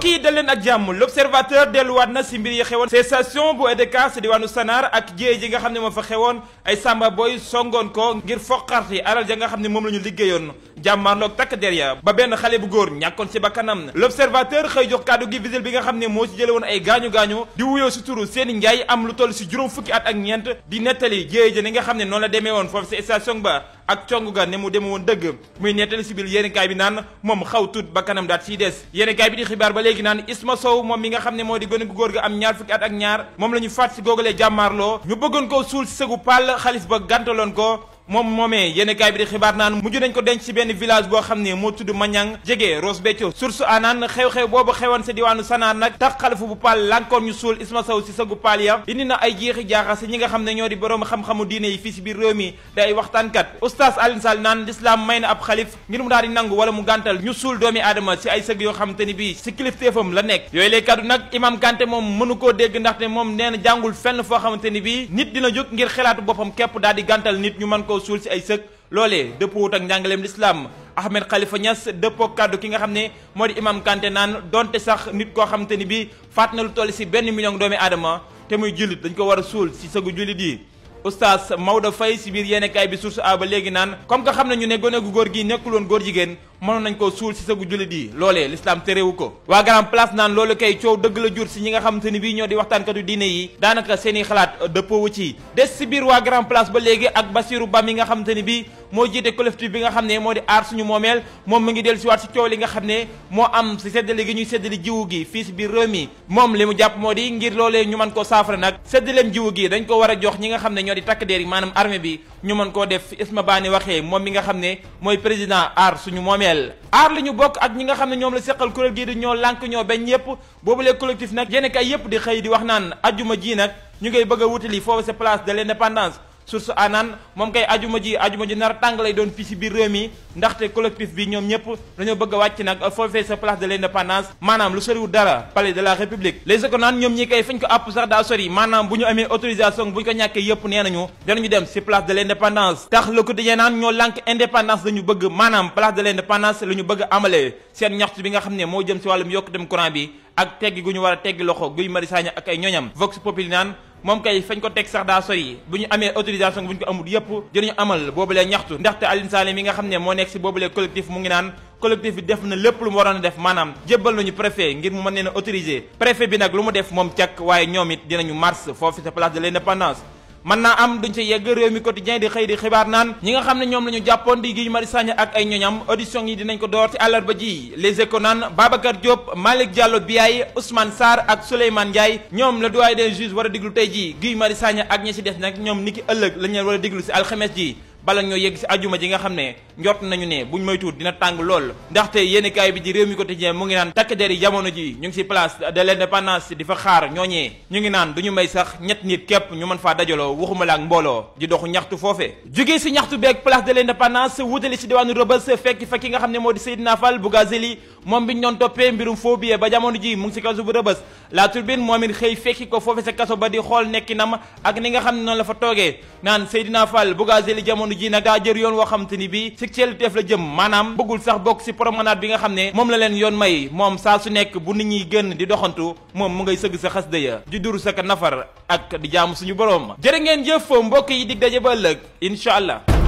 kii yi leen ak jàmm l'observateur delluwaat na si mbir yi xewoon cessation bu EDK si diwaanu Sanaar ak jiyee ji nga xam ne moo fa xewoon ay sàmba songoon ko ngir foqarti alal ja nga xam ne moom la ñu liggéeyoon jàmmaarloog takk der ya ba benn xale bu góor ñàkkoon si bakkanam l'observateur xëy jox kàddu gi visile bi nga xam ne moo ci jële woon ay gaañu-gaañu di wuyoo si turu seeni njaay am lu toll si juróom fukki at ak ñeent di nettali jiyee ji ni nga xam ne noonu la demee woon foofu si station ba ak congu ga ne mu dem woon dëgg muy nettali si biir yéenekaay bi naan moom xaw tut ba kanam daat siy des yéenekaay bi di xibaar ba léegi naan Isma Sow moom mi nga xam ne moo di gone gu góor ga am ñaar fukki at ak ñaar moom la ñu faat si googalee jàmmaarloo ñu bëggoon koo suul si sëgu pàll xaalis ba gàntaloon ko moom moomee yéen kaay bi di xibaar naan mujj nañ ko denc ci benn village boo xam ne moo tudd Mañang jege Ross Béthio source anaan xew-xew boobu xewoon sa diwaanu Sanaar nag tax xalifu bu paal lankoon ñu suul Isma Sow si sagu paal ya indi na ay jeexi jaaxa si ñi nga xam ne ñoo di borom xam-xamu diine yi fii si biir réew mi day waxtaankat oustaz Alioune Sall naan l'islam may na ab xalif ngir mu daal di nangu wala mu gàntal ñu suul doomi aadama si ay sëg yoo xam ni bii si kilifteefam la nekk yooyu lay kaddu nag imam Kanté moom koo dégg ndaxte moom nee na jàngul fenn foo xamante ni bii nit dina jóg ngir xalaatu boppam képp daal di gàntal nit ñu mën ko suul si ay sëg loolee dëppoowut ak njàngaleem lislaam Ahmed Khalifa Niass dëppook kàddu ki nga xam ne moo di imam Kanté naan donte sax nit koo xam ni bi faat na lu toll si benn million doomi aadama te muy jullit dañ ko war a suul si sëgu jullit yi oustaz Maodo Faye si biir yéenekaay bi source a ba léegi naan comme que xam nañu ne gone gu góor gi nekkuloon góor jigéen mënoon nañ ko suul si sagu jullit yi loolee l'islam terewu ko waa Grand Place naan loolu kay coow dëgg la jur si ñi nga xamante ni bii ñoo di waxtaankatu diine yi daanaka seen i xalaat dëppoowu ci des si biir waa Grand Place ba léegi ak Basirou Ba mi nga xamante ni bii moo jiite collectif bi nga xam ne moo di aar suñu moomeel moom mu ngi dellu siwaat si coow li nga xam ne moo am si seddale gi ñuy seddale jiwu gi fii si biir mi moom li mu jàpp moo di ngir loolee ñu mën koo saafara nag seddaleem jiw gi dañ ko war a jox ñi nga xam ne ñoo di takk dee yi maanaam armée bi ñu mën koo def Isma ni waxee moom mi nga xam ne mooy président aar suñu moomeel aar li ñu bokk ak ñi nga xam ne ñoom la seqal kuréel gii di ñoo lànk ñoo bañ yépp boobulee collectif nag yéen kay di xëy di wax naan ajuma ji nag ñu ngay bëgg a foofu sa place de l'indépendance source anaan moom kay ajuma ji ajuma ji nar a tàng lay doon fii si biir réew mi ndaxte collectif bi ñoom ñëpp dañoo bëgg a wàcc nag foofee sa place de l'indépendance maanaam lu soriwul dara palais de la république les naan ñoom ñi kay fañ ko àpp sax daa sori maanaam bu ñu amee autorisation bu ñu ko ñàkkee yëpp nee nañu danañu dem si place de l'indépendance tax le quotidien naan ñoo lànk indépendance la bëgg maanaam place de l'indépendance la nga xam ne moo jëm si wàllum yokk dem courant bi ak teggi gu ñu war a teggi loxo Guy Marius Sagna ak ay ñoñam moom kay fañ ko teg sax daa sori bu ñu amee autorisation bu ñu ko amul yëpp dinañu amal boobulee ñaxtu ndaxte Alioune Sall mi nga xam ne moo nekk si boobulee collectif mu ngi naan collectif bi def na lépp lu mu waroon a def maanaam jébbal nañu préfet ngir mu mën leen a autoriser préfet bi nag lu mu def moom càkk waaye ñoom it dinañu mars foofu sa place de l'indépendance mën naa am duñ ca yegg réew mi quotidien di xëy di xibaar naan ñi nga xam ne ñoom la ñu jàppoon di Guy Marius Sagna ak ay ñoñam audition yi dinañ ko door ci àllarba ji les éco naan Babacar Diop Malick Diallo Biaye Ousmane Sarr ak Souleymane Ndiaye ñoom la doyen des juges war a diglu tey ji Guy Marius Sagna ak ñi ci des nag ñoom ni niki ëllëg lañ leen war a diglu ci alxames ji bala ñoo yegg si ajuma ji nga xam ne njort nañu ne buñ moytuwul dina tàng lool ndaxte yéeni kaay bi di réew mi quotidien mu ngi naan takk der yi jamono ji ñu ngi si place de l'indépendance di fa xaar ñooñee ñu ngi naan duñu may sax ñett nit képp ñu mën faa dajaloo waxuma la ak mbooloo di doxu ñaxtu foofe jógee si ñaxtu beeg place de l'indépendance wutali si diwaanu Rebeuss fekk fa ki nga xam ne moo di Seydina Fall Bougazelli moom biñ doon toppee mbirum faux billet ba jamono ji mu ngi si kaso bu xool nekkinam ak ni nga xam ne noonu la fa toogee naan Seydina Fall Bougazelli jamono jamono ji nag daa jër yoon woo xam ni bi sexualité def la jëm maanaam bëggul sax bokk ci promenade bi nga xam ne moom la leen yoon may moom saa su nekk bu nit ñi génn di doxantu moom mu ngay sëgg sa xasida ya di duru sa ka nafar ak di jàmm suñu boroom jërë ngeen jëf mbokk yi dig daje ba ëllëg incha allah